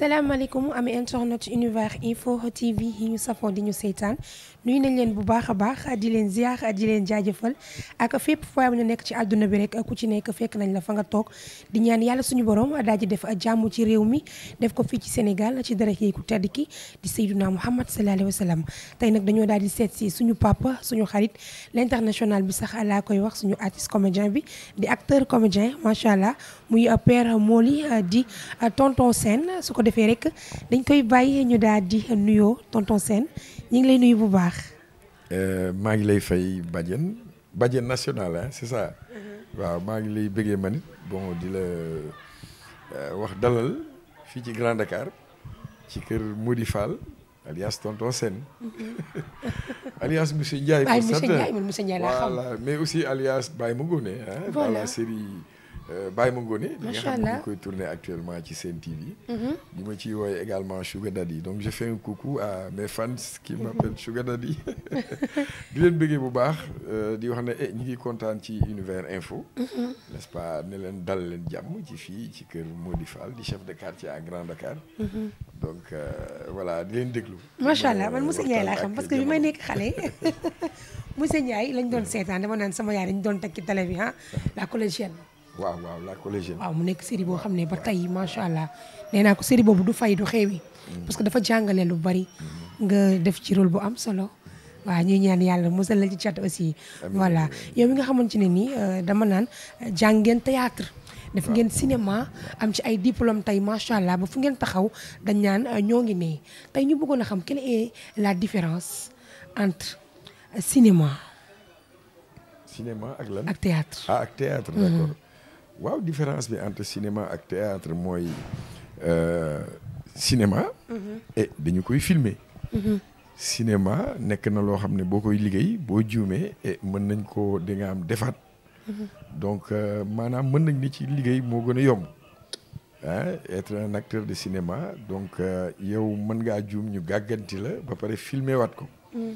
salaamaaleykum ami internet univers info tv yi ñu safoo di ñu seytaan nuyu nañ leen bu baax a baax di leen ziar di leen jaajëfal ak fépp fooy na nekk ci àdduna bi rek ku ci nekk fekk nañ la fa nga toog di ñaan yàlla suñu borom daal di def a jàmm ci réew mi def ko fii ci Sénégal ci dara kii ku tedd ki di Seydina Mouhamed sallallahu alayhi wa sallam tey nag dañoo daal di seet si suñu papa suñu xarit l'international bi sax laa koy wax suñu artiste comédien bi di acteur comédien macha allah. muy père Moli euh, di euh, tonton Sène su ko defee rek dañ koy bàyyi ñu daal di nuyoo tonton Sène ñu ngi lay nuyu bu baax. Euh, maa ngi lay fay Badiane Badiane nationale ah c'est ça. Mm-hmm. waaw maa ngi lay bëggee manit bon di la wax dalal fii ci grande Dakar ci kër Mody Fall alias tonton Sène mm-hmm. alias monsieur Ndiaye. waaw monsieur Ndiaye man laa xam mais aussi alias Baye Magone ah. voilà dans la Euh, Baye Mangoni li nga xam ne koy tourner actuellement ci Sen TV bi mhm. ma ciy wooye également Sugar Daddy donc je fais un coucou à mes fans qui m'appellent Sugar Daddy di leen bëggee bu baax euh, di wax ne eh kontaan ci Univers Info mhm. n'est-ce pas ne leen dal leen jàmm ci fii ci kër Mody Fall di chef de quartier à Grand Dakar mhm. donc euh, voilà di leen déglu macha allah man xam parce que bi may nekk xale monsieur Ndiaye lañ doon seetaan dama naan sama yaay dañ doon takki télé bi ah la collégienne waaw waaw la collégienne. waaw mu nekk série boo xam ne ba tey macha allah nee naa ko série boobu du fay du xewi. Mm-hmm. parce que dafa jàngale lu bari. Mm-hmm. nga def ci rôle bu am solo. waaw ñuy ñaan yàlla musal la ci cat aussi. voilà yow mi nga xamante ne nii euh, dama naan jàng théâtre def ngeen cinéma am ci ay diplôme tey macha allah ba fu ngeen taxaw dañ naan euh, ñoo ngi ne tey ñu bëggoon a xam quelle la différence entre cinéma. cinéma ak théâtre. Ah, waaw différence bi entre cinéma ak théâtre mooy euh, cinéma. Mm dañu koy filmer. Mm -hmm. nekk na loo xam ne boo koy liggéey boo juumee et mën nañ koo di am defaat. Mhm. donc euh, maanaam mën nañ ni ci liggéey moo gën a yomb. ah être un acteur de cinéma donc euh, yow mën ngaa juum ñu gàgganti la ba pare filmer waat ko. Mhm.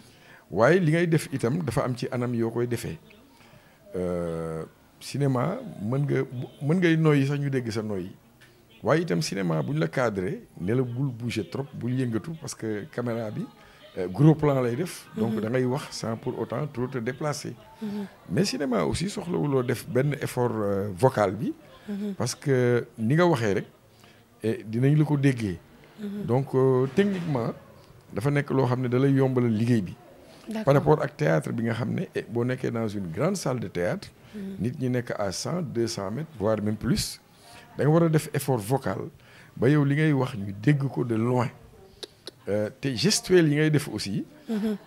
waaye li ngay def itam dafa am ci anam yoo koy defee. Euh, cinéma mën nga mën ngay yi sax ñu dégg sa yi waaye itam cinéma bu ñu la cadré ne la bul bouger trop bul yëngatu parce que caméra bi euh, gros plan lay def. Mhm. donc da wax sans pour autant trop te déplacer. Mhm. mais cinéma aussi soxlawuloo def benn effort euh, vocal bi. Mhm. parce que ni nga waxee rek eh, dinañ la ko déggee. donc euh, techniquement dafa nekk loo xam ne da lay yombalal liggéey bi. par rapport ak théâtre bi nga xam ne eh, boo nekkee dans une grande salle de théâtre nit ñi nekk à cent deux cent mètres voire même plus da war a def effort vocal ba yow li ngay wax ñu dégg ko de loin euh, te gestuelle yi ngay def aussi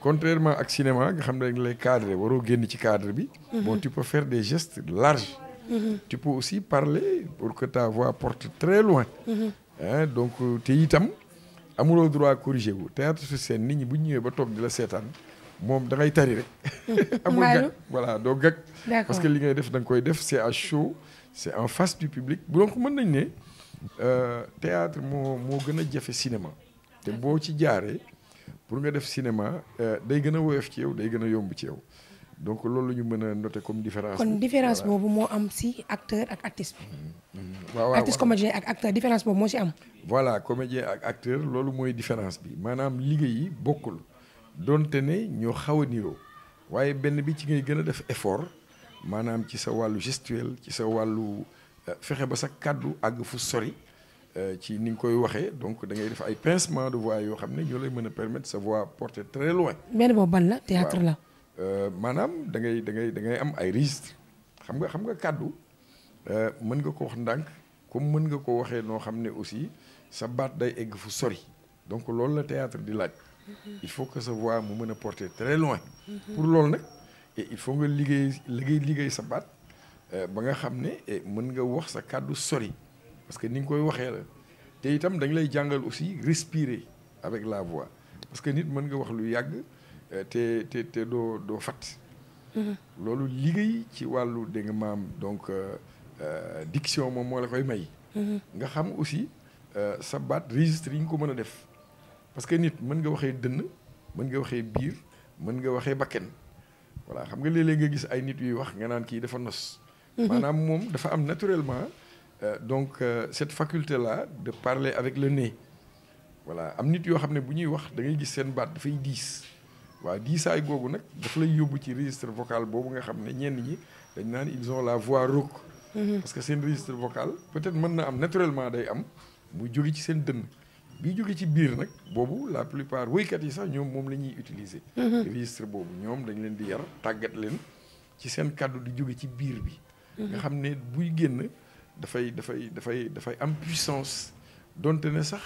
contrairement ak cinéma nga xam ne dañ lay cadré waroo génn ci cadre bi bon tu peux faire des gestes larges tu peux aussi parler pour que ta voix porte très loin donc te itam amuloo droit corrigé wu théâtre sur scène nit ñi bu ñu ñëwee ba toog di la seetaan moom da ngay tari rek. Hmm. amul gag voilà doo gag. parce que li ngay def da koy def c'est à chaud c'est en face du public donc mën nañ ne euh, théâtre moo moo gën a jafe cinéma te boo ci jaaree pour nga def cinéma euh, day gën a woyof ci yow day gën a yomb ci yow donc loolu la ñu mën a note comme différence. kon différence boobu moo am si acteur ak artiste. Hmm, hmm. waaw waaw artiste comédien ak acteur différence boobu moo si am. voilà comédien ak acteur loolu mooy différence bi maanaam liggéey bokkul. donte ne ñoo xaw a niroo waaye benn bi ci ngay gën a def effort maanaam ci sa wàllu gestuel ci sa wàllu euh, fexe ba sa kàddu àgg fu sori euh, ci ni nga koy waxee donc da ngay def ay pincement de voix yoo xam ne ñoo lay mën a permettre sa voix porter très loin. benn boobu ban la théâtre la. Euh, maanaam da ngay da ngay da am ay registre xam nga xam nga kàddu mën nga ko wax ndànk comme mën nga ko waxee noo xam ne aussi sa baat day egg fu sori donc loolu la théâtre di laaj. il faut que sa voix mu mën a porter très loin. pour loolu nag il faut nga liggéey liggéey liggéey sa baat euh, ba nga xam ne mën nga wax sa kàddu sori parce que ni nga koy waxee la te itam dañ lay jàngal aussi respirer avec la voix parce que nit mën nga wax lu yàgg euh, te te doo doo fat mm-hmm. loolu liggéey ci wàllu dégg maam donc euh, diction moom moo la koy may. Mm-hmm. nga xam aussi sa baat registre yi nga ko mën a def. parce que nit mën nga waxee dënn mën nga waxee biir mën nga waxee bakken voilà xam nga léeg nga gis ay nit yuy wax nga naan kii dafa nos. Mhm. maanaam moom dafa am naturellement euh, donc euh, cette faculté là de parler avec le nez. voilà am nit yoo xam ne bu ñuy wax da ngay gis seen baat dafay diis waaw diisaay googu nag daf lay yóbbu ci registre vocal boobu nga xam ne ñenn ñi dañ naan ils ont la voix rauque. Mhm. parce que seen registre vocal peut-être mën na am naturellement day am mu jóge ci seen dënn. bi jóge ci biir nag boobu la plupart woykat yi sax ñoom moom la ñuy utiliser. Mhm. registre boobu ñoom dañ leen di yar tàggat leen ci seen kàddu di jóge ci biir bi. Mhm. nga xam ne buy génn dafay dafay dafay dafay am puissance donte ne sax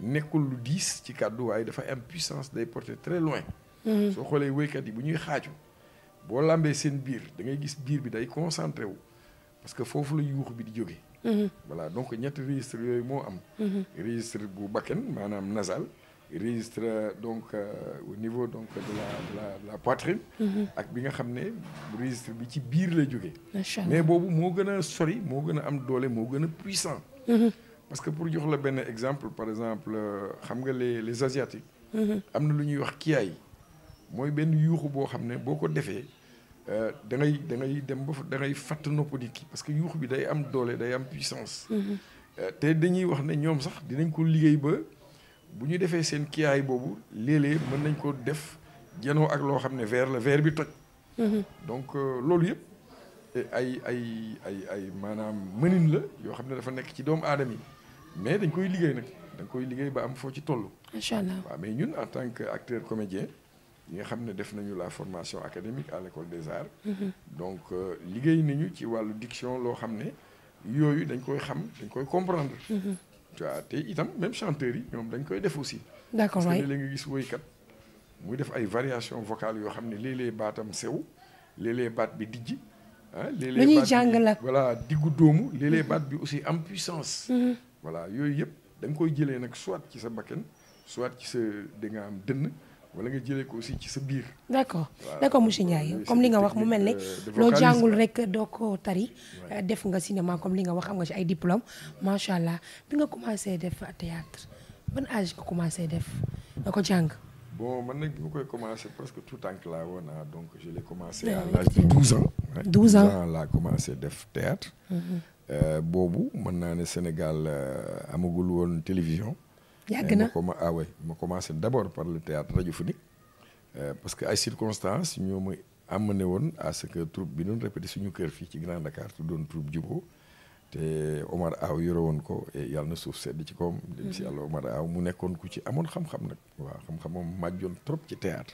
nekkul lu diis ci kàddu waaye dafay am puissance day porter très loin. Mhm. soo xoolee woykat yi bu ñuy xaaju boo làmbee seen biir da ngay gis biir bi day concentré wu parce que foofu la yuux bi di jóge voilà donc ñetti registre yooyu moo am registre bu bakkan maanaam nasal registre donc euh, au niveau donc de la de poitrine mhm. ak bi nga xam ne registre bi ci biir la jógee mais boobu moo gën a sori moo gën a am doole moo gën a puissant mhm. parce que pour jox la benn exemple par exemple euh, xam nga le les asiatiques mhm. am na lu ñuy wax kiyaay mooy benn yuuxu boo xam ne boo ko defee Euh, da ngay da ngay dem ba da ngay fàtt nopp nit ki parce que yuux bi day am doole day am puissance. Mm-hmm. Euh, te dañuy wax ne ñoom sax dinañ ko liggéey ba bu ñu defee seen kiyaay boobu léeg mën nañ ko def janoo ak loo xam ne ver la verre bi toj. Mm-hmm. donc euh, loolu yëpp ay ay ay ay maanaam mënin la yoo xam ne dafa nekk ci doomu aadama yi mais dañ koy liggéey nag dañ koy liggéey ba am foo ci toll. macha allah waaw mais ñun en tant que acteur comédien. ñi nga xam ne def nañu la formation académique à l'école des arts mhm. donc euh, liggéey nañu ci wàllu diction loo xam ne yooyu dañ koy xam dañ koy comprendre mhm. tu vois te itam même chanteurs yi ñoom dañ koy def aussi d'accord parce que léeg-léeg nga gis woykat muy def ay variation vocale yoo xam ne léeg-léeg baatam sew léeg-léeg baat bi dijji ah léeg-léeg ñuy jàng la voilà diggu dóomu léeg-léeg mhm. baat bi aussi am puissance voilà yooyu yëpp dañ koy jëlee nag soit ci sa bakkan soit ci sa da nga am dënn wala nga jëlee ko aussi ci sa biir. d' accord d' accord monsieur euh, comme li nga wax mu mel ne euh, loo jàngul rek doo ko tari. Euh, def nga cinéma comme li nga wax am nga ci ay diplôme macha allah bi nga commencé def théâtre ban âge nga commencé def nga ko jàng. bon man nag bi ma koy commencé presque tout tànk laa woon ah donc je l'ai commencé à l'âge de 12 ans. 12 ans laa commencé def théâtre mm-hmm. boobu mën naa ne Sénégal amagul woon télévision. yàgg na ma ah ma commencé d'abord par le théâtre radiophonique euh, parce que ay circonstances ñoo am amené woon à ce que troupe bi doon répété suñu kër fii ci grande Dakar tu doon troupe Jubo te Omar Aw yore woon ko yàlla na suuf sedd ci koom. dem si yàlla Omar Aw mu nekkoon ku ci amoon xam-xam nag. waaw xam mag màjjoon trop ci théâtre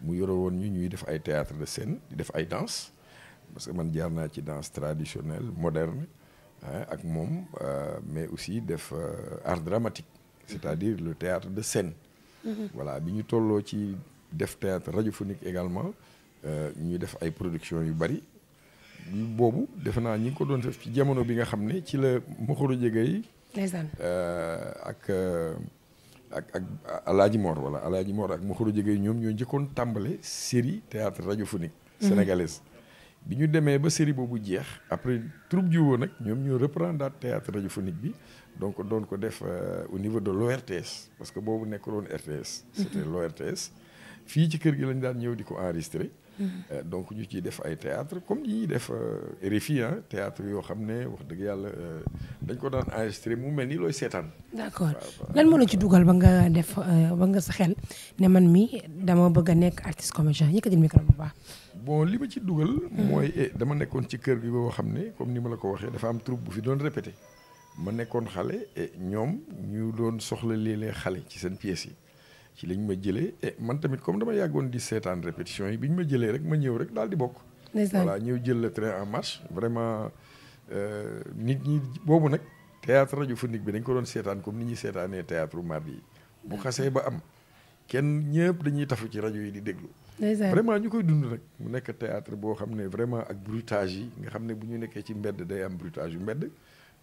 mu yore woon ñu ñuy def ay théâtre de scène di def ay danse parce que man jaar naa ci danse traditionnelle moderne ak moom euh, mais aussi def euh, art dramatique. c'est-à-dire le théâtre de scène. Mhm. voilà bi ñu tolloo ci def théâtre radiophonique également euh, ñuy def ay production yu bari boobu defe naa ñi ngi ko doon def ci jamono bi nga xam ne ci la Mokhoro Diegay. ndeysaan euh, euh, ak ak ak Alaaji Mor voilà Alaaji Mor ak Mokhoro Diegay ñoom ñoo njëkkoon tàmbale série théâtre radiophonique. Mhm. sénégalaise bi ñu demee ba série boobu jeex après troupe ji woo nag ñoom ñu reprendre daal théâtre radiophonique bi. donc doon ko def euh, a niveau de l'ORTS parce que boobu nekkuloon RTS c'était mhm. l'ORTS fii ci kër gi lañu daan ñëw di ko enregistrer mhm. euh, donc ñu ciy def ay théâtre comme ñuy def euh, RFI ah théâtre yoo xam ne wax dëgg yàlla dañ ko daan enregistré mu mel ni looy seetaan. d'accord lan moo la ci dugal ba nga def ba nga sa xel ne man mii dama bëgg a nekk artiste comédien yëkkatil micro bu baax. bon li ma ci dugal. Mhm. mooy eh, dama nekkoon ci kër gi boo xam ne comme ni ma la ko am troupe bu fi doon répété. ma nekkoon xale e ñoom ñu doon soxla léeg-léeg xale ci seen pièces yi ci lañ ma jëlee et man tamit comme dama yàggoon di seetaan répétition yi bi ñu ma jëlee rek ma ñëw rek daal di bokk. voilà ñëw jël le train en marche vraiment euh, nit ñi boobu nag théâtre radiophonique bi dañ ko doon seetaan comme ni ñuy seetaanee théâtre mardi yi bu xasee ba am kenn ñëpp dañuy tafu ci rajo yi di déglu. vraiment ñu koy dund nag mu nekk théâtre boo xam ne vraiment ak bruitage yi nga xam ne bu ñu nekkee ci mbedd day am bruitage yu mbedd.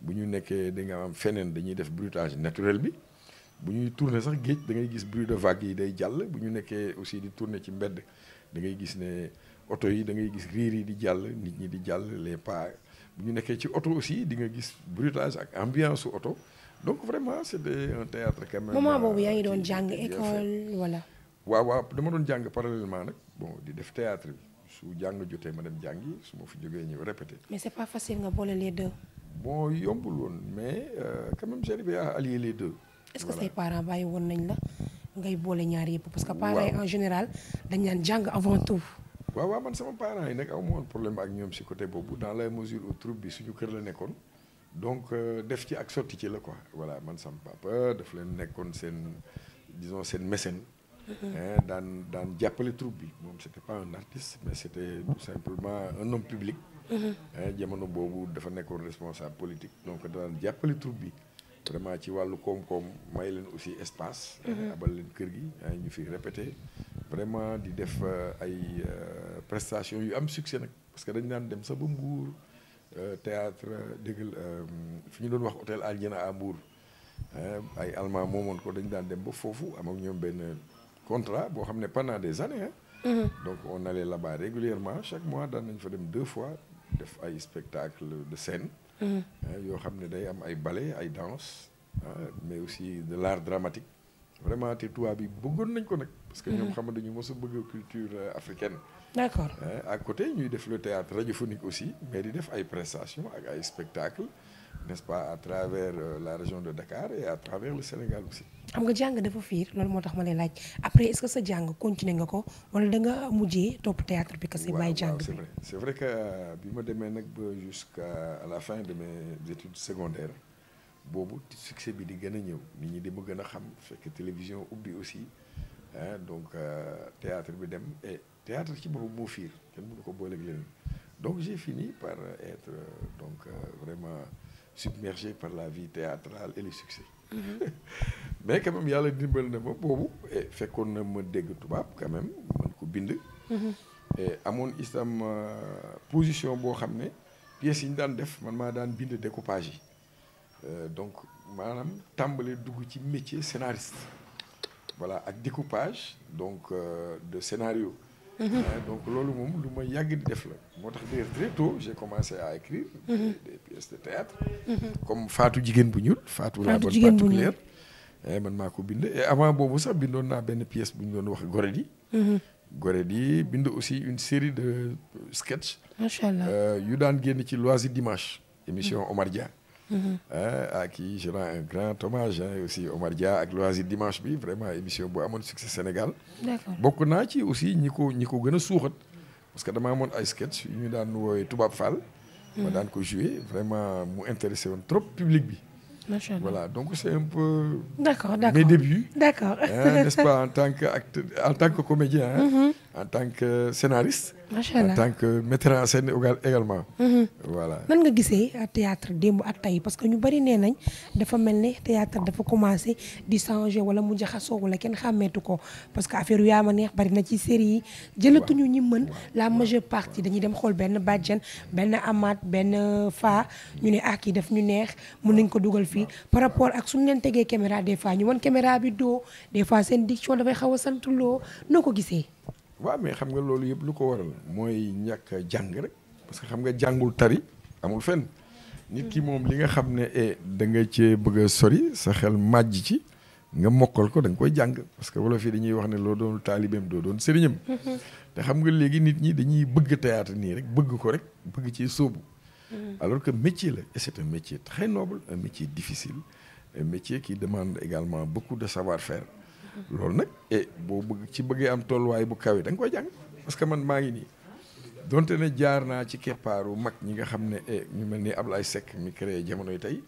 bu ñu nekkee da am feneen dañuy def bruitage naturel bi bu ñuy tourner sax géej da ngay gis bruit de vague yi day jàll bu ñu nekkee aussi di tourner ci mbedd dangay gis ne oto yi da ngay gis riir yi di jàll nit ñi di jàll les pas bu ñu nekkee ci oto aussi di nga gis bruitage ak ambiance su oto donc vraiment c' était un théâtre quand même boobu yaa ngi euh, doon jàng école wala. waaw waaw dama doon jàng parallèlement nag bon di def théâtre bi su jàng jotee ma dem jàngi su ma fi jógee ñëw répété. bon yombul woon mais euh, quand même j'ai arrivé à allier les deux. est ce que say parents bàyyi woon nañ la ngay boole ñaari yëpp. parce que parents yi en général dañ naan jàng avant tout. waaw waaw man sama parents yi nag amu ma problème ak ñoom si côté boobu dans la mesure où troupe bi suñu kër la nekkoon donc euh, def ci ak sotti ci la ko voilà man sama papa daf leen nekkoon seen disons seen mécène. daan daan jàppale troupe bi moom c' était pas un artiste mais c' était Mm-hmm. Eh, jamono boobu dafa nekkoon responsable politique donc daan jàppale troupe bi vraiment ci wàllu koom-koom may leen aussi espace mm-hmm. eh, abal leen kër gi eh, ñu fi répété vraiment di def ay prestation yu am succès nag parce que dañ daan dem sax ba Mbour théâtre déggal fi ñu doon wax hôtel Aljana à Mbour ay allemand moomoon ko dañ daan dem ba foofu am ak ñoom benn contrat boo xam ne pendant des années hein. Mm-hmm. donc on na là-bas régulièrement chaque mois daan nañ fa dem deux fois def ay spectacle de scène mm-hmm. yoo xam ne day am ay ballet ay danse mais aussi de l'art dramatique vraiment te tubaab bi bëggoon nañ ko nag parce que ñoom mm-hmm. xam dañu mos a bëgg culture euh, africaine d'accord a côté ñuy def le théâtre radiophonique aussi mais di def ay prestation ak ay spectacle n'est-ce pas à travers euh, la région de Dakar et à Sénégal aussi. xam nga jàng dafa fiir loolu moo tax ma lay laaj après est-ce que sa jàng continuer nga ko wala da nga mujjee topp théâtre bi kese bàyyi jàng bi. c'est vrai c'est que euh, bi ma demee nag ba à la fin de mes études secondaires boobu succès bi di gën a ñëw nit ñi di ma gën a xam fekk télévision ubbi aussi ah donc euh, théâtre bi dem et théâtre ci boobu moo fiir kenn mënu ko booleeg leneen donc j'ai fini par être donc vraiment. submergé par la vie théâtrale et le succès mm-hmm. mais quand yàlla dimbal na ma boobu eh, fekkoon na ma dégg tubaab quand même man ko bind mm-hmm. eh, amoon itam euh, position boo xam ne pièces yi ñu daan def man maa daan bind découpage yi euh, donc maanaam tàmbalee dugg ci métier scénariste voilà ak découpage donc euh, de scénario Mm-hmm. Euh, donc loolu moom lu ma yàgg di def la moo tax d'ailleurs très tôt j'ai commencé à écrire mm-hmm. des, des de théâtre mm-hmm. comme Faatu jigéen bu ñuul Faatu la bonne particulière eh, man maa ko bind avant boobu sax bindoon naa benn pièce bu ñu doon wax Goredi Goredi bind aussi une série de sketch macha euh, yu daan génn ci Loisir Dimanche émission Omar Dia Mm-hmm. Eh, à ki je rends un grand hommage aussi Omar Dia ak Loisir dimanche bi vraiment émission bu amoon succès Sénégal. bokk naa ci aussi ñi ko ñi ko gën a suuxat parce que dama amoon ay sketch yu ñu daan woowee Tubaab Fall. ma mm-hmm. daan ko joué vraiment mu intéressé woon trop public bi. macha allah voilà donc c' est un peu. d' accord d' accord pas en tant que acteur en tant que comédien. en tant que scénariste. macha allah en tant que metteur en scène également. Mhm. voilà nga gisee théâtre démb ak tey parce que ñu bari nee nañ dafa mel ne théâtre dafa commencé di changer wala mu jaxasoo wala kenn xàmmeetu ko parce que affaire yu yaa ma neex bari na ci série yi. jëlatuñu ñi mën la majeure partie dañuy dem xool benn bàjjen benn amaat benn fa ñu ne ah kii daf ñu neex mun nañ ko dugal fii par rapport ak suñu leen tegee caméra de fois ñu wan caméra bi doo des fois seen diction dafay xaw a santuloo noo ko gisee. waaw mais xam nga loolu yëpp lu ko waral mooy ñàkk jàng rek parce que xam nga jàngul tari amul fen nit ki moom li nga xam ne e da nga cee bëgg a sori sa xel màjj ci nga mokkal ko da koy jàng parce que wolof yi dañuy wax ne loo doon taalibeem doo doon sëriñam mm-hmm. te xam nga léegi nit ñi dañuy bëgg théâtre nii rek bëgg ko rek bëgg ci sóobu mm-hmm. alors que métier la est c'est un métier très noble un métier difficile un métier qui demande également beaucoup de savoir-faire loolu nag e boo bëgg ci bëggee am tolluwaay bu kawe da nga koy jàng parce que man maa ngi nii donte ne jaar naa ci keppaaru mag ñi nga xam ne e ñu mel ni Ablaye Seck mi créé jamonoy tey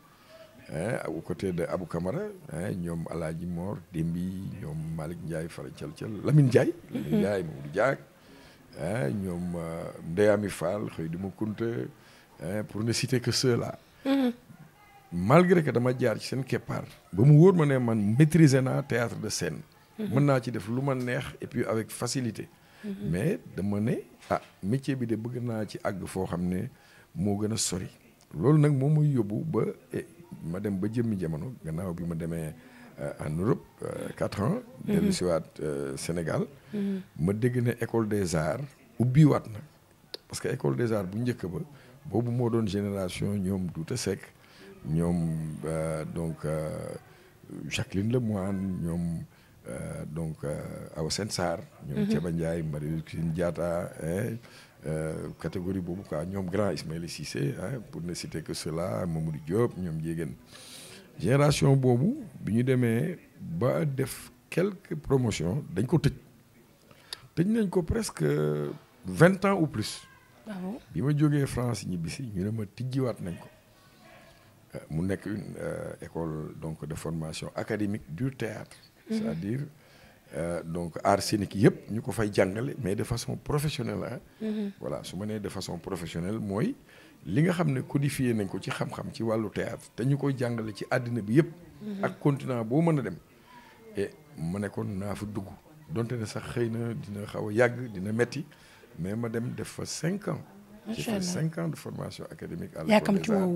eh, au côté de Abou Camara ñoom Alaaji Mor Dembi ñoom Malick Ndiaye Fara Thiel Thiel Lamine Ndiaye Lamine mhm. Ndiaye Mamadou Diak ñoom euh, Ndeyami Fall xëy di ma kunta pour ne citer que ceux-là mhm. malgré que dama jaar ci seen keppaar ba mu wóor ma ne man maîtriser naa théâtre de scène mhm. mën naa ci def lu ma neex et puis avec facilité mhm. mais dama ne ah métier bi de bëgg naa ci àgg foo xam ne moo gën a sori loolu nag moom muy yóbbu ba eh, ma dem ba jëmmi jamono gannaaw bi ma demee euh, en Europe euh, quatre ans mhm. dellu siwaat euh, Sénégal ma dégg ne école des arts ubbiwaat na parce que école des arts bu njëkk ba boobu moo doon génération ñoom Douta Seck ñoom euh, donc euh, Jacqueline Lemoine ñoom euh, donc aw Awa Sène Sarr ñoom mhm. Thiaba Ndiaye Marie-Christine Diatta catégorie boobu quoi ñoom grand Ismaïla Cissé pour ne citer que cela Mamadou Diop ñoom jigéen génération boobu bi ñu demee ba def quelques promotions dañ ko tëj tëj nañ ko presque vingt ans ou plus ah bi ma jógee France si ñu ne ma tijjiwaat nañ ko Euh, mu nekk une euh, école donc de formation académique du théâtre mhm. c'est-à-dire euh, donc art scénique yëpp ñu ko fay jàngale mais de façon professionnelle ah voilà su ma nee de façon professionnelle mooy li nga xam ne codifié nañ ko ci xam-xam ci wàllu théâtre te ñu koy jàngale ci àddina bi yëpp mhm. ak continent boo mën a dem et ma ne naa fa dugg donte ne sax xëy na dina xaw a yàgg dina metti mais ma dem def fa cinq ans j'ai fait cinq ans de formation académique à l'école des arts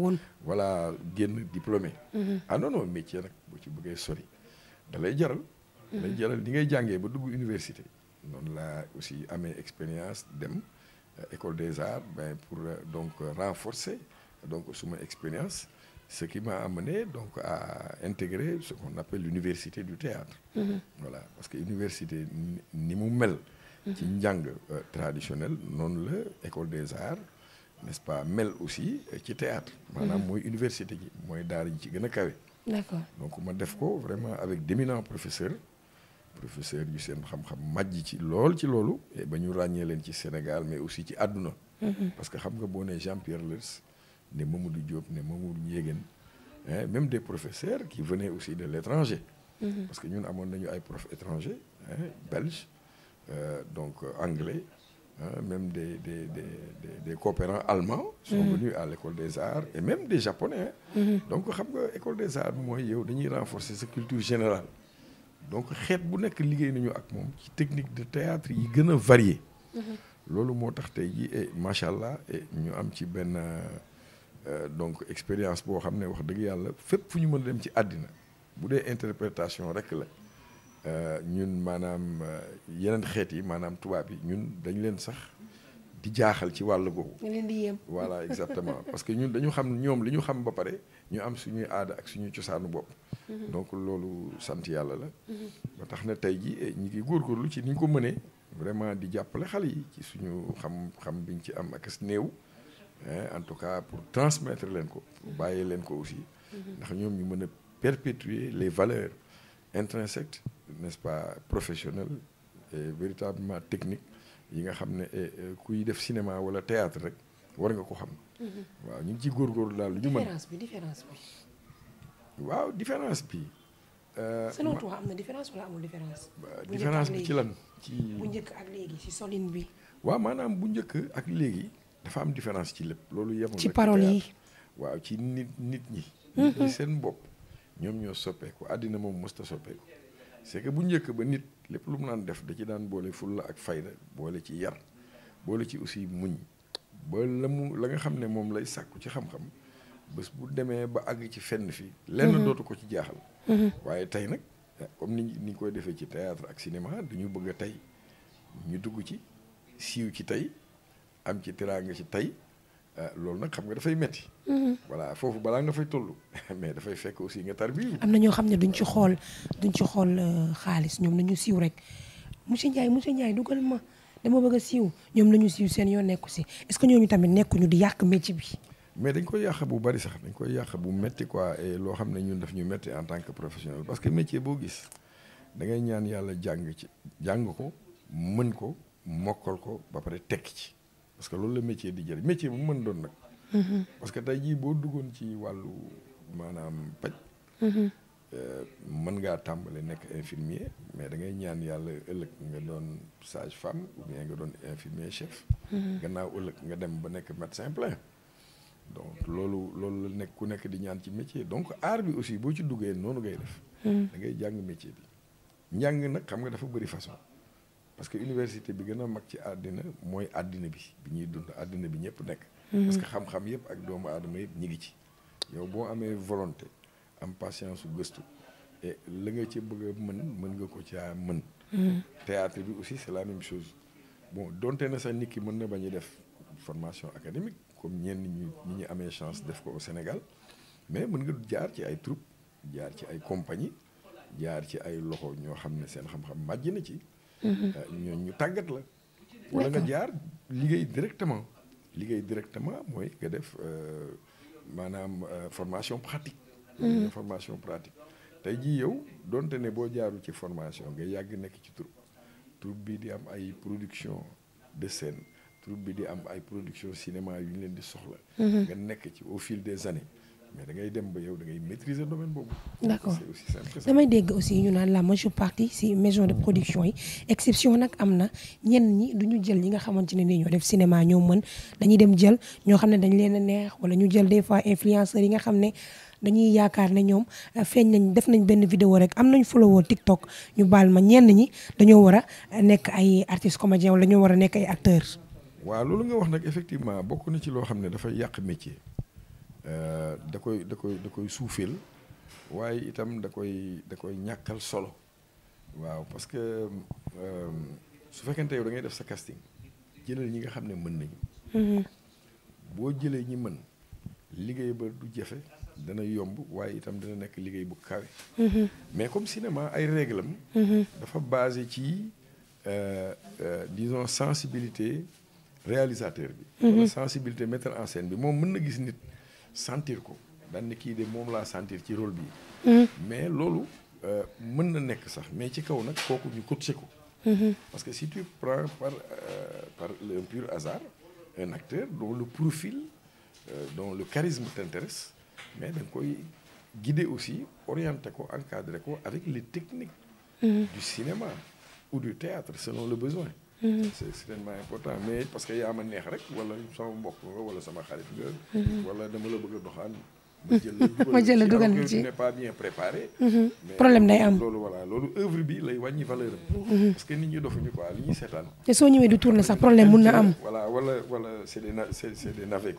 voilà génn diplômé mm-hmm. ah non non nag boo ci bëggee sori dalay jaral da lay mm-hmm. jaral ngay jàngee ba dugg université noonu laa aussi amee expérience dem euh, école des arts ben pour euh, donc renforcer donc suma expérience ce qui m'a amené donc à intégrer ce qu'on appelle l'université du théâtre mm-hmm. voilà parce que université ni mu mel ci mhm. njàng euh, traditionnel noonu la école des arts nest pas mel aussi euh, ci théâtre mhm. maanaam mooy université ji mooy daara ji ci gën a kawe d'accord donc ma def ko vraiment avec d'éminents professeurs professeur yu seen xam-xam màjj ci lool ci loolu ba ñu ràññee leen ci Sénégal mais aussi ci àdduna mhm. parce que xam nga boo ne Jean-Pierre Lers ne Mamadou Diop ne Mamadou Ndiéguène même des professeurs qui venaient aussi de l'étranger parce que ñun amoon nañu ay profs étrangers belges Euh, donc euh, anglais même des des des des coopérants allemands. sont mm-hmm. venus à l'école des arts et même des japonais. Mm-hmm. donc xam nga école des arts mooy yow dañuy renforcer sa culture générale. donc xeet bu nekk liggéey nañu ak moom ci technique de théâtre yi gën a varié. Mm-hmm. loolu moo tax tey jii et macha allah ñu am ci benn euh, donc expérience boo xam ne wax dëgg yàlla fépp fu ñu mën a dem ci àddina bu dee interprétation rek la. Euh, ñun maanaam euh, yeneen xeet yi maanaam tubaab yi ñun dañu leen sax di jaaxal ci wàll googu. nga leen di exactement parce que ñun dañu xam ñoom li ñu xam ba pare ñu am suñuy aada ak suñuy cosaanu bopp. Mhm. donc loolu sant yàlla la. Mhm. ba tax na tey jii eh, ñu ngi góorgóorlu ci ni ñu ko mënee. vraiment di jàppale xale yi ci suñu xam-xam biñ ci am ak as néew. Eh, en tout cas pour transmettre leen ko. bàyyee leen ko aussi. Mhm. ndax ñoom ñu mën a perpétuer les valeurs intrinsèques. nest pas professionnel et véritablement technique yi nga xam ne eh, eh, kuy def cinéma wala théâtre rek war nga ko xam. Mhm. waaw ñu ngi góor góorgóorlu daal lu ñu mën différence bi différence bi. bi. Euh, ci lan ci njëkk ak léegi ci solin bi. waaw maanaam bu njëkk ak léegi dafa am différence ci lépp loolu yemul ci parole yi waaw ci nit mhm. nit ñi. seen bopp ñoom ñoo soppeeku àddina moom mosut a soppeeku. c'est bu njëkk ba nit lépp lu mu naan def da ci daan boole fulla ak fayda boole ci yar boole ci aussi muñ ba la mu la nga xam ne moom lay sàkku ci xam-xam bés bu demee ba àgg ci fenn fii lenn mhm. dootu ko ci jaaxal mhm. waaye tey nag comme ni ni koy defee ci théâtre ak cinéma duñu bëgg a tey ñu dugg ci siiw ci tey am ci teraanga ci tey Euh, loolu nag xam nga dafay metti mm-hmm. voilà foofu balaa nga fay toll mais dafay fekk aussi nga tarbiyu am na ñoo xam ne duñ ci xool duñ ci xool euh, xaalis ñoom nañu siiw rek monsieur Ndiaye monsieur Ndiaye dugal ma dama bëgg a siiw ñoom lañu siiw seen yoon nekku si est-ce que ñooñu tamit nekkuñu di yàq métier bi mais dañ koy yàq bu bari sax dañ koy yàq bu metti quoi et loo xam ne ñun daf ñu metti en tant que professionnel parce que métier boo gis da ngay ñaan yàlla jàng ci jàng ko mën ko mokkal ko ba pare tekki ci parce que loolu la métier di jël métier bu mën doon nag. Mhm. parce que tey jii boo duggoon ci wàllu maanaam paj. Mhm. Euh, mën ngaa tàmbale nekk infirmier mais da ngay ñaan yàlla ëllëg nga doon sage femme ou bien nga doon infirmier chef. Mhm. gannaaw ëllëg nga dem ba nekk médecin plein. donc loolu loolu la nekk ku nekk di ñaan ci métier donc art bi aussi boo ci duggee noonu ngay def. da ngay jàng métier bi njàng nag xam nga dafa bëri façon. parce que université bi gën a mag ci àddina mooy àddina bi bi ñuy dund àddina bi ñëpp nekk. Mhm. parce que xam-xam yëpp ak doomu aadama yëpp ñi ngi ci. yow boo amee volonté am patience su gëstu la nga ci bëgg mën mën nga ko caa mën. Mhm. théâtre bi aussi c'est la même chose bon donte na sax nit ki mën na bañ a def formation académique comme ñenn ñu ñi ñu amee chance def ko au Sénégal mais mën nga jaar ci ay troupe jaar ci ay compagnie jaar ci ay loxo ñoo xam ne seen xam-xam màjj na ci. ñooñu mm-hmm. euh, ñu tàggat la. wala nga jaar liggéey directement. liggéey directement mooy nga def euh, maanaam euh, formation pratique. Mm-hmm. formation pratique tey jii yow donte ne boo jaaru ci formation nga yàgg nekk ci troupe troupe bi di am ay production de scène troupe bi di am ay production cinéma yu ñu leen di soxla. Mm-hmm. nga nekk ci au fil des années. mais da boobu. accord c'est damay dégg aussi ñu naan la majeure partie si maison de production yi exception nag am na ñenn ñi du ñu jël ñi nga xamante ne ni ñoo def cinéma ñoo mën dañuy dem jël ñoo xam ne dañ leen a neex wala ñu jël des fois influenceurs yi nga xam ne dañuy yaakaar ne ñoom euh, feeñ nañ def nañ benn vidéo rek am nañ follower TikTok ñu baal ma ñenn ñi dañoo war a nekk ay artistes comédiens wala dañoo war a nekk ay acteurs. waaw loolu nga wax nag effectivement bokk na ci loo xam ne dafay yàq métier. Euh, da koy da koy da koy suufeel waaye itam da koy da koy ñàkkal solo waaw parce que euh, su fekkente yow da ngay def sa casting jëlal ñi nga xam ne mën nañu mm-hmm. boo jëlee ñi mën liggéey ba du jafe dana yomb waaye itam dana nekk liggéey bu kawe mm-hmm. mais comme cinéma ay règle am mm-hmm. dafa basé ci euh, disons sensibilité réalisateur bi sensibilité metteur en bi moom mën na gis nit sentir ko daan ne kii de moom laa sentir ci rôle bi mm-hmm. mais loolu euh, mën na nekk sax mais ci kaw nag kooku ñu coaché ko mm-hmm. parce que si tu prends par euh, par un pur hasard un acteur dont le profil euh, dont le charisme t'intéresse mais da nga koy guider aussi orienter ko encadrer ko avec les techniques mm-hmm. du cinéma ou du théâtre selon le besoin Mhm. c'est extrêmement important mais parce que yaa ma neex rek wala sama mbokk nga wala sama xarit nga mhm. wala dama la bëgg a doxaan mhm. ma jël la dugal ci n'est pas bien préparé problème day am loolu voilà loolu œuvre bi lay wàññi valeur am parce que nit ñi dofuñu quoi li ñuy seetaan te soo ñëwee du tourner sax problème mun na am voilà wala wala c'est des c'est des navets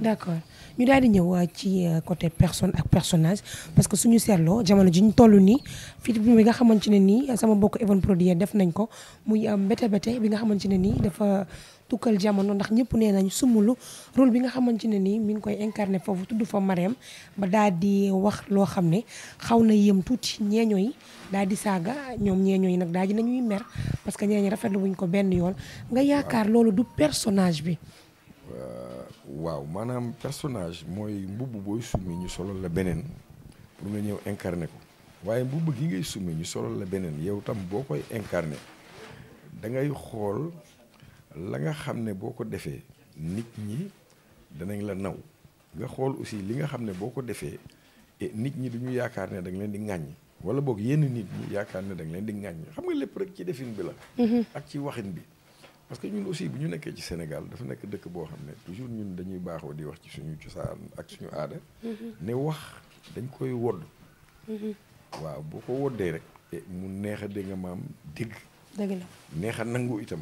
d'accord ñu daal di ñëw euh, ci euh, côté personne ak personnage parce que suñu seetloo jamono ji ñu toll nii fit bi nga xamante ne nii sama bokk Even def nañ ko muy euh, mbete bi nga xamante ne nii dafa tukkal jamono ndax ñëpp nee nañ sumulu rôle bi nga xamante ne nii mi ngi koy incarné foofu tudd fa Marème ba daal di wax loo xam ne xaw na yëm tuuti ñeeño yi daal di saaga ñoom ñeeño yi nag daal di nañuy mer parce que ñeeño rafetlu wuñ ko benn yoon nga yaakaar loolu du personnage bi. waaw maanaam personnage mooy mbubb booy summi ñu solal la beneen pour nga ñëw incarné ko waaye mbubb gi ngay summi ñu solal la beneen yow tam boo koy incarné da ngay xool la nga xam ne boo ko defee nit ñi danañ la naw nga xool aussi li nga xam ne boo ko defee eh, nit ñi duñu yaakaar ne da leen di ŋàññ wala boog yenn nit ñi yaakaar ne da leen di ŋàññ xam nga lépp rek ci defin bi la mm-hmm. ak ci waxin bi parce que ñun aussi bu ñu nekkee ci Sénégal dafa nekk dëkk boo xam ne toujours ñun dañuy baaxoo di wax ci suñu cosaan ak suñu aada. Mm-hmm. ne wax dañ koy wodd. Mm-hmm. waaw boo ko woddee rek eh, mu neex a dégg maam dégg. dëgg la neex a nangu itam.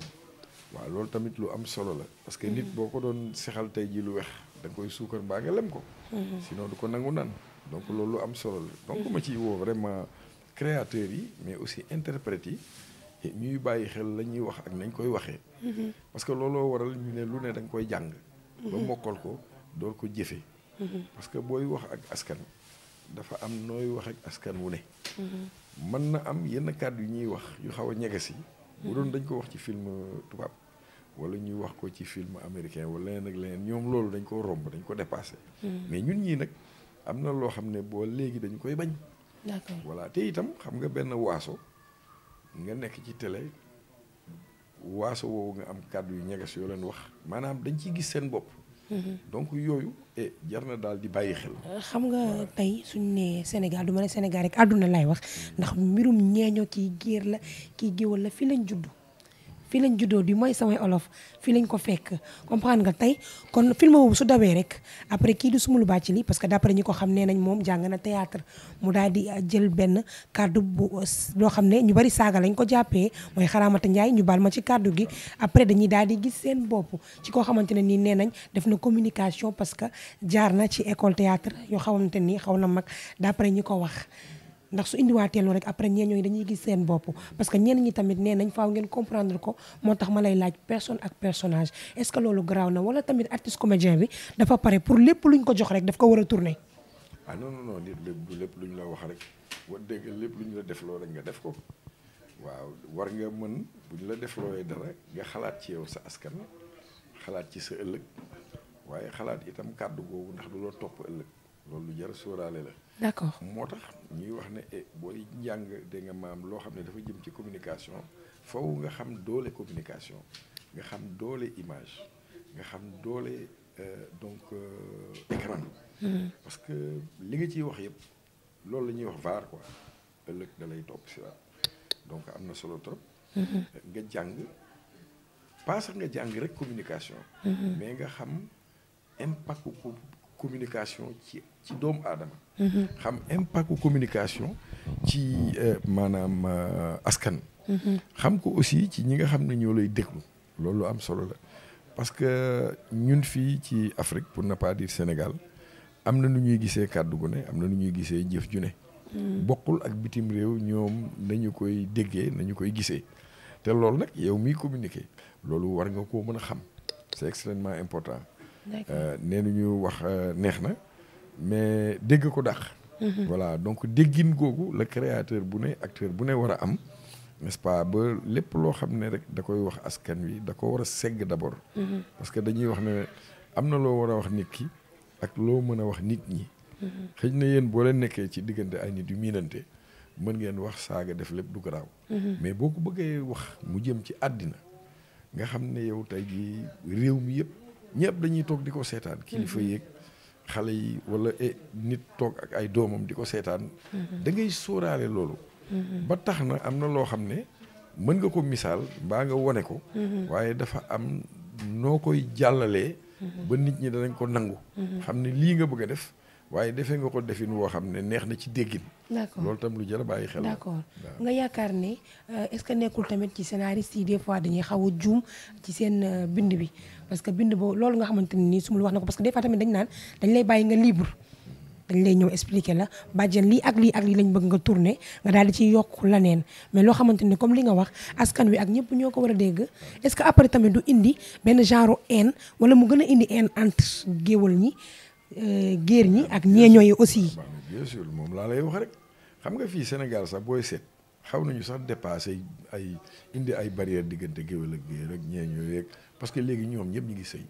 waaw loolu tamit lu am solo la parce que mm-hmm. nit boo ko doon sexal tey ji lu wex da koy suukar mbaa nga lem ko. sinon du ko nangu naan donc loolu lu am solo la. donc ma ci woo vraiment créateurs yi mais aussi interprètes yi. ñuy bàyyi xel la ñuy wax ak nañ koy waxee. Mhm. parce que looloo waral ñu ne lu ne dañ koy jàng. ba mhm. mokkal ko door ko jëfe mhm. parce que booy wax ak askan. dafa am nooy wax ak askan wu ne. mën na am yenn kàddu yu ñuy wax yu xaw a ñegesi. bu doon dañ ko wax ci film euh, tubaab. wala ñuy wax ko ci film américain wala leneen ak leneen ñoom loolu dañ ko romb dañ ko dépassé. mais ñun ñii nag am na loo xam ne boo léegi dañu koy bañ. d'accord te itam xam nga benn waaso. nga nekk ci télé waaso woowu nga am kàddu yu ñeges yoo leen wax maanaam dañ ciy gis seen bopp. Mm-hmm. donc yooyu e jar na daal di bàyyi xel. xam nga tey suñ nee Sénégal du ma ne Sénégal rek àdduna lay wax mm-hmm. ndax mbirum ñeeñoo kii géer la kii géwal la fi lañ juddu fii lañ juddoo di mooy samay olof fii lañ ko fekk comprendre nga tey kon film boobu su dawee rek après kii di Soumboulou li parce que d'après ñi ko xam ne nañ moom jàng na théâtre mu daal di euh, jël benn kàddu bu euh, loo xam ne ñu bari saaga lañ ko jàppee mooy xaraamata Njaay ñu baal ma ci kàddu gi après dañuy daal di gis seen bopp ci koo xamante ne nii nee nañ def na communication parce que jaar na ci école théâtre yoo xamante ni xaw na mag d'après ñi ko wax ndax su indiwaatee loolu après ñeen ñooñu dañuy gis seen bopp parce que ñenn ñi tamit ne nañ faaw ngeen comprendre ko moo tax ma lay laaj personne ak personage est-ce que loolu garaaw na wala tamit artiste comédien bi dafa pare pour lépp ñu ko jox rek daf ko war a tourner. ah non non non lépp luñ la wax rek wa lépp luñ la def loolu rek nga def ko waaw war nga mën buñ la def loolee dara nga xalaat ci yow sa askan xalaat ci sa ëllëg waaye xalaat itam kàddu googu ndax du la topp ëllëg loolu lu jar sóoraale la. d'accord moo tax ñuy wax ne eh, booy njàng da nga maam loo xam ne dafa jëm ci communication foofu nga xam doole communication nga xam doole image nga xam doole euh, donc euh, écran hmm. parce que li nga ciy wax yëpp loolu la ñuy wax vaar quoi ëllëg da lay topp si waat donc am na solo trop hmm. nga jàng pas sax nga jàng rek communication hmm. mais nga xam impact communication ci doomu aadama mhm. xam impact communication ci euh, maanaam euh, askan mhm. xam ko aussi ci ñi nga xam ne ñoo lay déglu loolu am solo la parce que ñun fii ci Afrique pour ne pas dire Sénégal am na nu ñuy gisee kàddu gu ne am na nu ñuy gisee jëf ju ne mhm. bokkul ak bitim réew ñoom nañu koy déggee nañu koy gisee te loolu nag yow miy communiquer loolu war nga koo mën a xam c'est extrêmement important Euh, nee ñu wax euh, neex na mais dégg ko dàq. Mhm. voilà donc déggin googu la créateur bu ne acteur bu ne war a am nest pas ba lépp loo xam ne rek da koy wax askan wi da ko war a segg d'abord. Mhm. parce que dañuy wax ne am na loo war a wax nit ki ak loo mën a wax nit ñi. Mhm. xëy na yéen boo leen nekkee ci diggante ay nit yu miinante mën ngeen wax saaga def lépp du garaaw. mais boo ko bëggee wax mu jëm ci àddina nga xam ne yow tey jii réew mi yëpp. ñëpp dañuy toog di ko seetaan mm-hmm. kilifa yeeg xale yi wala eh, nit toog ak ay doomam di ko seetaan mm-hmm. da ngay loolu mm-hmm. ba tax na am na loo xam ne mën nga ko misaal mbaa nga wone ko waaye dafa am noo koy jàllalee ba nit ñi danañ ko nangu xam ne lii nga bëgg def waaye defee nga ko defin woo xam ne neex na ci déggin. d'accord loolu tam lu jëla bàyyi xel. nga yaakaar ne euh, est-ce que nekkul tamit ci scénariste yi des fois dañuy xaw a ci seen euh, bind bi parce que bind boo loolu nga xamante ne nii su ma wax na parce que des fois tamit dañ naan dañ lay bàyyi nga libre. dañ lay ñëw expliquer la bàjjen li ak lii ak lii lañ bëgg nga tourner nga daal di ci yokk leneen mais loo xamante ni comme li nga wax askan wi ak ñëpp ñoo ko war a dégg ce que après tamit du indi benn genre haine wala mu gën a indi haine entre géwal ñi Euh, géer ñi ak ñeeño yi aussi. Ah, bien sûr moom laa lay wax rek xam nga fii Sénégal sax booy seet xaw nañu sax dépassé ay indi ay barrières diggante géwél ak géer ak ñeeño yeeg parce que léegi ñoom ñëpp ñu ngi sëy.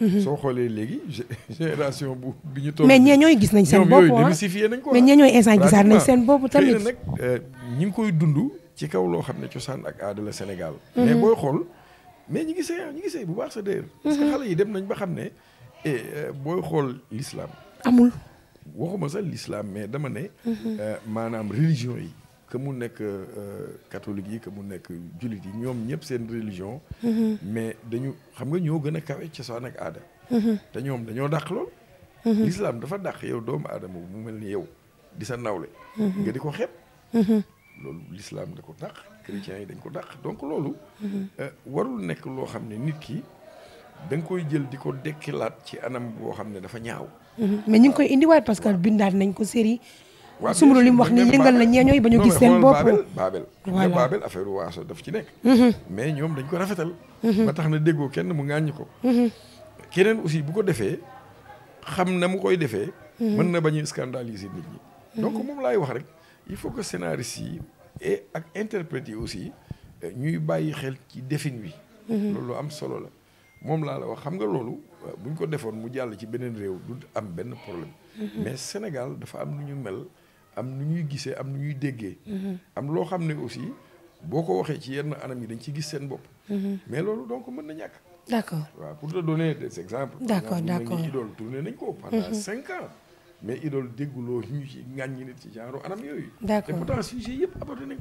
Mhm. soo xoolee léegi génération bu bi ñu toll. mais ñeeñooy gis nañ seen bopp ah. nañ ko mais ah. ñeeñooy instant gisaat nañ seen bopp tamit. nag euh, ñi ngi koy dund ci kaw loo xam ne cosaan ak aada la Sénégal. Mhm. mais booy xool mais ñi ngi sëy ñi ngi sëy bu baax sa déer parce mhm. xale yi dem nañ ba xam ne. Eh, eh, booy xool lislaam amul waxuma sax l'islam mais dama ne mhm. eh, maanaam religion yi que mu nekk catholique yi que mu nekk jullit yi ñoom ñëpp seen religion mhm. mais dañu xam nga ñoo gën a kawe cosaan ak aada mhm. te ñoom dañoo dàq lool l'islam dafa dàq yow doomu aadama bu mu mel ni yow di sa nawle nga di ko xeeb loolu l'islam da ko dàq chrétiens yi dañ ko dàq donc loolu warul nekk loo xam ne nit ki da nga koy jël di ko dekkilaat ci anam boo xam ne dafa ñaaw. Mhm. mais ñu ngi koy indiwaat parce que bindaat nañ ko série. waaw sumru li mu wax ni yëngal na ñeeñooy yi ñu gis seen bopp Baabel Baabel voilà Baabel affaire waaso daf ci nekk. Mhm. mais ñoom dañ ko rafetal. Mhm. ba tax na déggoo kenn mu ŋàññi ko. keneen aussi bu ko defee xam na mu koy defee. mën na bañ a scandaliser nit ñi. donc moom laay wax rek il faut que scénariste yi et ak interprète yi aussi euh, ñuy bàyyi xel ci défin wi. loolu am solo la. moom laa la wax xam nga loolu euh, bu ñu ko defoon mu jàll ci beneen réew du am benn problème mm-hmm. mais Sénégal dafa am nu ñu mel am nu ñuy gisee am nu ñuy déggee mm-hmm. am loo xam ne aussi boo ko waxee ci yenn anam yi dañ ci gis seen bopp mm-hmm. mais loolu donc mën na ñàkk d'accord waaw pour te donner des exemples d'accord d'accord ñu idool ko pendant cinq ans mais ñu ci ŋàññi nit ci anam yooyu. d'accord te pourtant sujet yëpp abordé nañ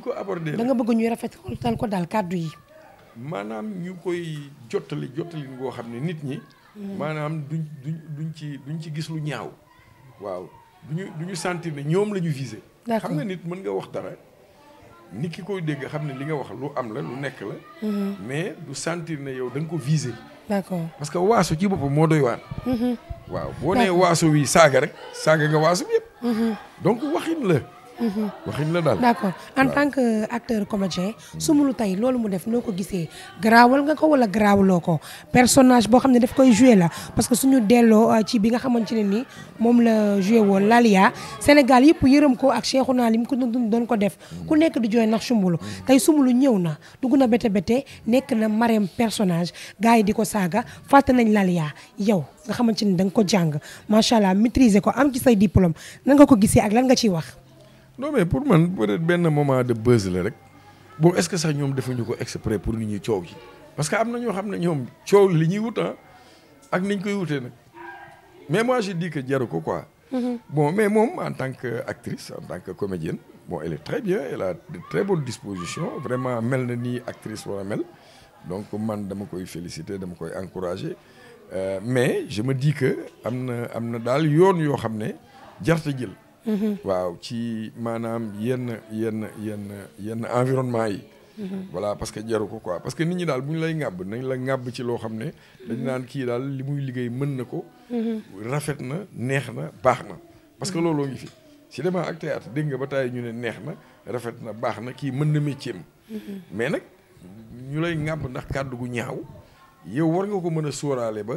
ko ci daal kàddu yi. maanaam ñu koy jottali jottalin boo xam ne nit ñi hmm. maanaam duñ duñ duñ ci duñ ci gis lu ñaaw waaw duñu du ñu sentir ne ñoom la ñu visé xam nga nit mën nga wax dara nit ki koy dégg xam ne li nga wax lu am la lu nekk la hmm. mais du sentir na yow da ko visé d'accord parce que waaso ci boppam moo doy waan hmm. waaw boo nee waaso wi saaga rek saaga nga waaso bi yëpp donc waxin la Mm-hmm. waxin la daal d'accord en tant que acteur comédien su munu tey loolu mu def noo ko gisee garaawal nga ko wala garaawloo ko personnage boo xam ne daf koy joué la parce que suñu delloo euh, ci bi nga xamante ne ni moom la joué woon Lalia Sénégal yëpp yërëm ko ak Cheikhouna lim ko doon ko def ku nekk di jooy ndax sumbulu tey sumbulu ñëw na dugg na bete bete nekk na mareem personnage gars yi di ko saaga fàtte nañ Lalia yow nga xamante ni da nga ko jàng macha allah maîtriser ko am ci say diplôme nan nga ko gisee ak lan nga ciy wax non mais pour man peut benn moment de buzz la rek bon est ce que sax ñoom defuñu ko exprès pour nit ñi coow ci parce que am na ñoo xam ne ñoom coow li ñuy wut ah, ak ñu koy wutee nag mais moi je dis ko quoi. Mm-hmm. bon mais moom en tant que actrice en tant que comédienne bon elle est très bien elle a de très bonnes dispositions vraiment mel na nii actrice wala mel donc man dama koy féliciter dama koy encourager euh, mais je me dis que am na am na daal yoon yoo xam ne jarta jël. Mm-hmm. waaw ci maanaam yenn yenn yenn yenn environnement yi. Mm-hmm. voilà parce que jaru ko quoi parce que nit ñi daal bu ñu lay ŋàbb nañ la ŋàbb ci loo xam ne. Mm-hmm. dañ naan kii daal li muy liggéey mën na ko. rafet na neex na baax na parce que looloo ngi fi. cinéma ak théâtre dégg nga ba tàyyi ñu ne neex na rafet na baax na kii mën na métier mais nag ñu lay ŋàbb ndax kàddu gu ñaaw yow war nga ko mën a sóoraale ba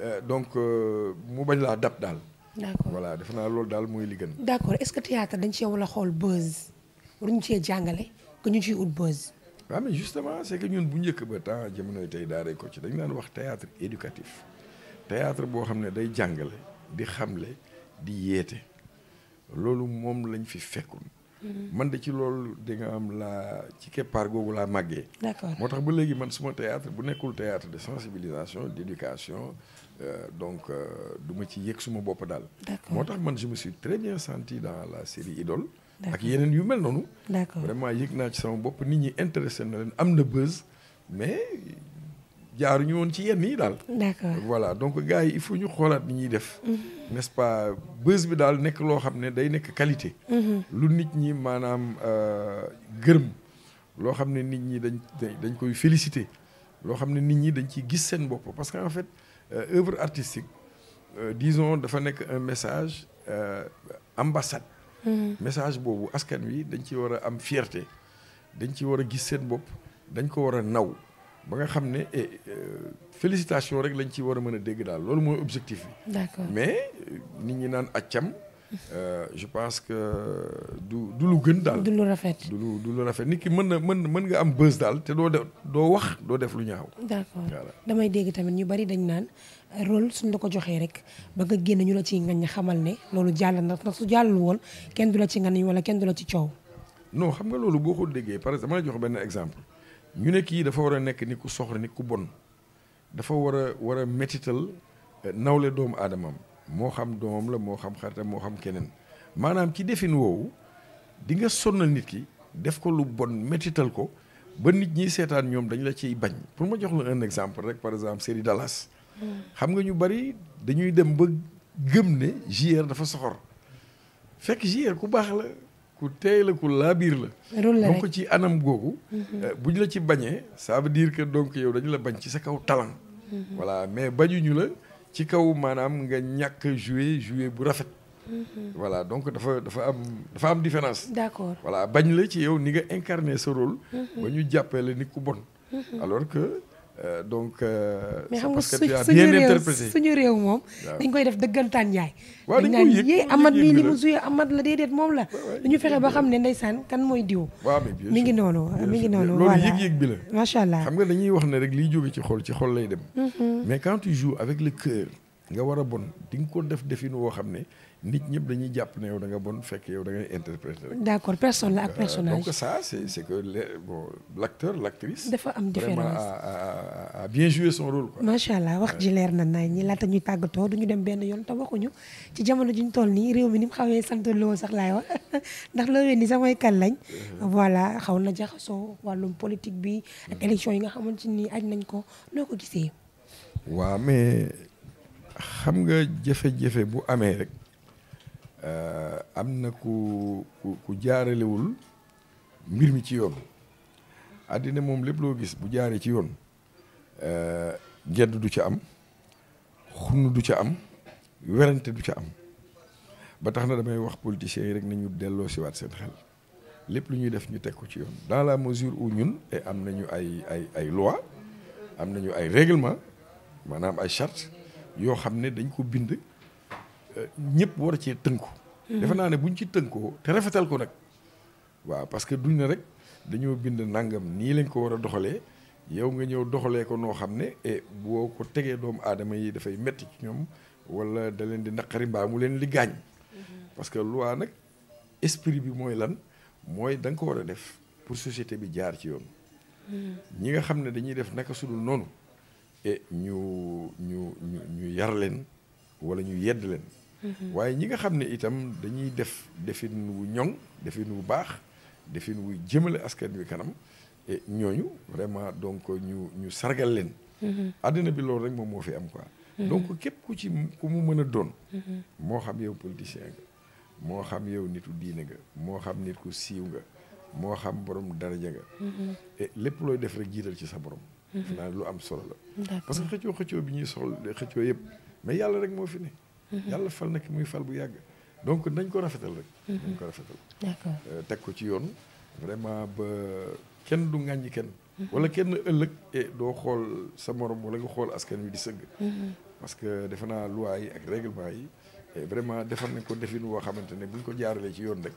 euh, donc euh, mu bañ laa dab daal. d'accord voilà defe naa lool daal mooy li gën. d'accord est-ce que théâtre dañ cee wala xool buzz waruñu cee jàngale que ñu ciy ut buzz. waaw mais justement c'est que ñun bu njëkk ba temps jamonoy tey daaray ko ci dañ daan wax théâtre éducatif théâtre boo xam ne day jàngale di xamle di yéete loolu moom lañ fi fekkun mhm. man de ci loolu dinga am laa ci keppaar googu laa màggee. d'accord moo tax ba léegi man suma théâtre bu nekkul théâtre de sensibilisation d'éducation Euh, donc euh, du ma ci yëg suma bopp daal. moo tax man je me suis très bien senti dans la série Idole. ak yeneen yu mel noonu. vraiment yëg naa ci sama bopp nit ñi intéressé na leen am na buzz mais jaaruñu woon ci yenn yi daal. voilà donc gars yi il faut ñu xoolaat ni ñuy def. Mhm. ce pas buzz bi daal nekk loo xam ne day nekk qualité. Mhm. lu nit ñi maanaam euh, gërëm loo xam ne nit ñi dañ dañ koy féliciter. loo xam ne nit ñi dañ ciy gis seen bopp parce que en fait euh, œuvre artistique euh, disons dafa nekk un message euh, ambassade. Mm-hmm. message boobu askan wi dañ ci war a am fierté dañ ci war a gis seen bopp dañ ko war a naw ba nga xam ne eh, félicitation rek lañ ci war a mën a dégg daal loolu mooy objectif bi. d'accord mais nit ñi naan accam. Euh, je pense que du du lu gën daal. du lu rafet du lu du lu rafet nit ki mën na mën mën nga am bës daal te doo def doo wax doo def lu ñaaw. d'accord damay dégg tamit ñu bari dañ naan rôle suñ la ko joxee rek ba nga génn ñu la ciy ngañ xamal ne loolu jàll na su jàllul woon kenn du la ci ngañ wala kenn du ci coow. non xam nga loolu boo ko déggee que exemple ma jox benn exemple ñu ne kii dafa war a nekk ni ku soxla ni ku bon dafa war a war a métital euh, nawle doomu aadamam. moo xam doom la moo xam xaritam moo xam keneen maanaam ci defin woowu di nga sonnal nit ki def ko lu bon métital ko ba nit ñi seetaan ñoom dañu la ciy bañ pour ma jox la un exemple rek par exemple série Dallas xam nga ñu bari dañuy dem ba gëm ne JR dafa soxor fekk JR ku baax la ku teey la ku laabiir la donc ci anam googu mhm. euh, bu ñu la ci bañee ça veut dire que donc yow dañu la bañ ci sa kaw talent mhm. voilà mais bañuñu la ci kaw maanaam nga ñàkk jouer jouer bu rafet. Mhm. voilà donc dafa dafa am dafa am différence. d'accord voilà bañ la ci yow ni nga incarner sa rôle. Mhm. ba ñu jàppee la nit ku bon. Mhm. alors que Euh, donc. Euh, mais xam nga suñ suñu réew suñu réew moom. dañ koy def dëggantaan yaay. waaw dañ koy yëg dañ amat mii li mu suyee amat la déedéet moom la. ñu fexe ba xam ne ndeysaan kan mooy diw. mi ngi noonu mi ngi noonu. voilà loolu yëg-yëg bi la. macha allah xam nga dañuy wax ne rek liy jóge ci xol ci xol lay dem. Mm-hmm. mais quand tu joues avec le cœur nga war a bon di nga ko def defin woo xam ne nit ñëpp dañuy jàpp ne yow da nga bon fekk yow da ngay interpréter rek. d' accord personne la ak euh, personnage. donc ça c' est dafa am différence vraiment a bien joué son rôle quoi. macha allah wax ji leer na nañ ñi laata ñuy tàggatoo du ñu dem benn yoon te waxuñu ci jamono ji ñu nii réew mi ni mu xawee sant loo sax laay wax ndax loo ween ni sax kan lañ. Euh. voilà xaw na jaxasoo wàllum politique bi. ak mm. yi nga xamante ni aj nañ ko noo ko waaw mais xam nga jafe-jafe bu amee rek. Euh, am na ku ku ku jaaralewul mbir mi ci yoon àddina moom lépp loo gis bu jaaree ci yoon gedd euh, du ca am xunn du ca am werante du ca am ba tax na damay wax politiciens yi rek nañu delloo siwaat seen xel lépp lu ñuy def ñu teg ko ci yoon dans la mesure où ñun et am nañu ay ay ay loi am nañu ay règlement maanaam ay charte yoo xam ne dañ ko bind ñëpp war a cee tënku. Mhm. defe naa ne buñ ci tënkoo te rafetal ko nag. waaw parce que duñ na rek dañoo bind nangam nii lañ ko war a doxalee yow nga ñëw doxalee ko noo xam ne et eh, boo ko tegee doomu aadama yi dafay metti ci ñoom wala da leen di naqari mbaa leen li gaañ. Mhm. parce que loi nag esprit bi mooy lan mooy da nga ko war a def pour société bi jaar ci yoon. Mhm. ñi nga xam ne dañuy def naka sudul noonu. Eh, ñu ñu ñu ñu yar leen wala ñu yedd leen. Mm-hmm. waaye ñi nga xam ne itam dañuy def defin wu ñoŋ defin wu baax defin wu jëmale askan bi kanam e ñooñu vraiment donc ñu ñu sargal leen. Mm-hmm. àddina bi loolu rek moom moo fi am quoi. Mm-hmm. donc képp ku ci ku mu mën a doon. moo xam yow politicien nga moo xam yow nitu diine nga moo xam nit ku siiw nga moo xam borom daraja nga. et lépp looy def rek jiital ci sa borom. xanaa lu am solo la. parce que xëccoo xëccoo bi ñuy soxla xëccoo yëpp mais yàlla rek moo fi ne. Mhm. yàlla fal na ki muy fal bu yàgg donc nañ ko rafetal rek mhm. nañ ko rafetal euh, teg ko ci yoon vraiment ba kenn du ŋàññi kenn mhm. wala kenn ëllëg eh, doo xool sa morom wala nga xool askan wi di sëgg parce que defe naa loi yi ak règlement yi eh, vraiment defar nañ ko defin woo xamante ne buñ ko jaaralee ci yoon rek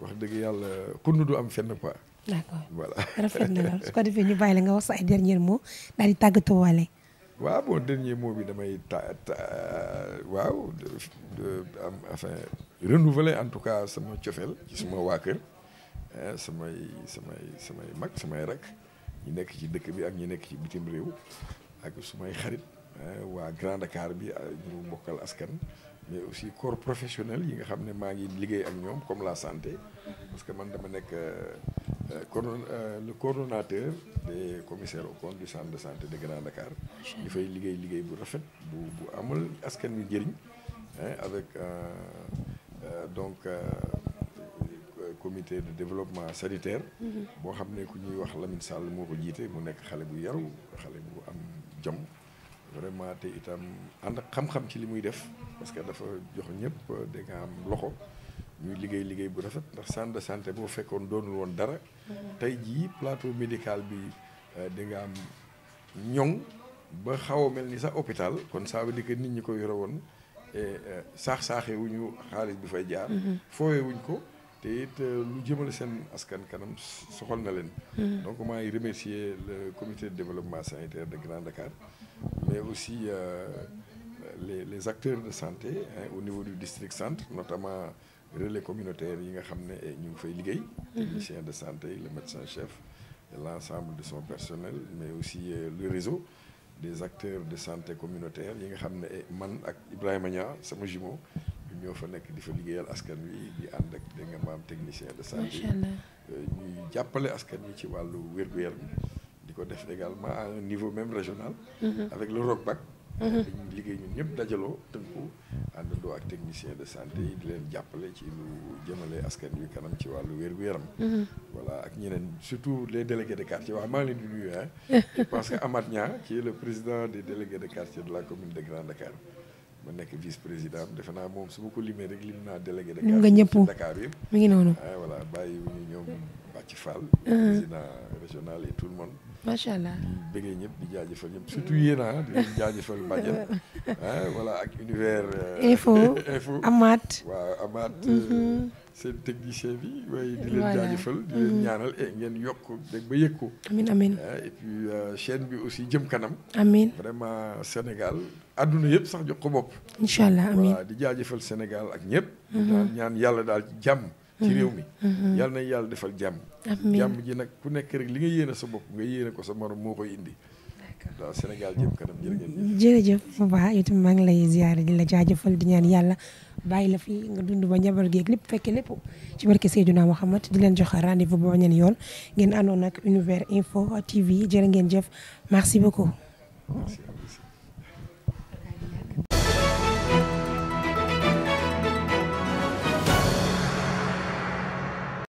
wax dëgg yàlla xunn du am fenn quoi d'accord voilà rafet na lool su ko defee ñu bàyyi la nga wax sa ay dernier mot daal di tàggatoo waale waaw bon dernier mot bi damay ta waaw am enfin renouveler en tout cas sama cofeel ci suma waa kër samay samay samay mag samay rak ñi nekk ci dëkk bi ak ñi nekk ci bitim réew ak sumay xarit waa Grand Dakar bi ñu bokkal askan mais aussi corps professionnel yi nga xam ne maa ngi liggéey ak ñoom comme la santé parce que man dama nekk euh, euh, euh, le coordonnateur des commissaires aux comptes de santé de Grand Dakar ñu fay liggéey liggéey bu rafet bu bu amal askan wi njëriñ avec donc comité de développement sanitaire mm-hmm. boo xam ne ku ñuy wax Lamine Sall moo ko mu nekk xale bu yaru xale bu am jom vraiment te itam ànd ak xam-xam ci li muy def parce que dafa jox ñëpp euh, da loxo ñuy liggéey liggéey bu rafet ndax centre de santé boo fekkoon doonul woon dara tey jii plateau médical bi euh, da nga am ñoŋ ba xaw a mel ni sax hôpital kon ça veut nit ñi ko yore woon euh, saax saaxee wu ñu xaalis bi fay jaar mm-hmm. foowee wuñ ko te it lu jëmale seen askan kanam soxal na leen mm-hmm. donc maay remercier le comité de développement sanitaire de Grand Dakar mais aussi euh, les, les acteurs de santé hein, au niveau du district centre notamment relais communautaire yi nga xam ne eh, ñu ngi fay liggéey technicien mm-hmm. de santé le médecin chef et l'ensemble de son personnel mais aussi euh, le réseau des acteurs de santé communautaire yi nga xam ne eh, man ak Ibrahima Niang sama jumeau ñoo fa nekk di fa liggéeyal askan wi di ànd ak da nga maam technicien de santé euh, ñuy jàppale askan wi ci wàllu wér-gu-yaram di ko def également à un niveau même régional. Mm-hmm. avec le ROCBAC. dañuy mm-hmm. liggéey ñun ñëpp dajaloo tënku àndandoo ak technicien de santé yi di leen jàppale ci lu jëmale askan wi kanam ci wàllu wér-gu-yaram. Mm-hmm. voilà ak ñeneen surtout les délégués de quartier waaw maa ngi leen di nuyu ah. je pense le président des délégués de quartier de la commune de Grand Dakar. ma nekk vice président defe naa moom su ma ko limee rek lim naa délégué. lim nga ñëpp Dakar yëpp macha allah bëggee ñëpp di jaajëfal ñëpp surtout yéen ah di leen jaajëfal Mbadiane ah, voilà ak univers. Euh, info info waaw Amath. Mhm. Euh, seen technicien bi. waaye di leen jaajëfal di leen mhm. ñaanal e ngeen yokk dégg ba yëg ko. amiin amiin ah, et euh, bi aussi jëm kanam. amiin vraiment Sénégal. àdduna yëpp sax jox ko bopp. incha allah amiin voilà di jaajëfal Sénégal ak ñëpp. Mhm. ñaan yàlla daal ci jàmm. ci réew mm-hmm. mi mm-hmm. yàlla na yàlla defal jàmm jàmm ji nag ku nekk rek li nga yéene sa bopp nga yéene ko sa morom moo koy indi waaw Sénégal jëm kanam jërëjëf Ba itam maa ngi lay ziare di la di ñaan yàlla bàyyi la fi nga dund ba njabar geeg lépp fekke lépp ci barke Seydina Mouhamed di leen jox a rendez-vous ba ñeen yoon ngeen àndoon ak Univers Info TV jërë ngeen jëf merci beaucoup.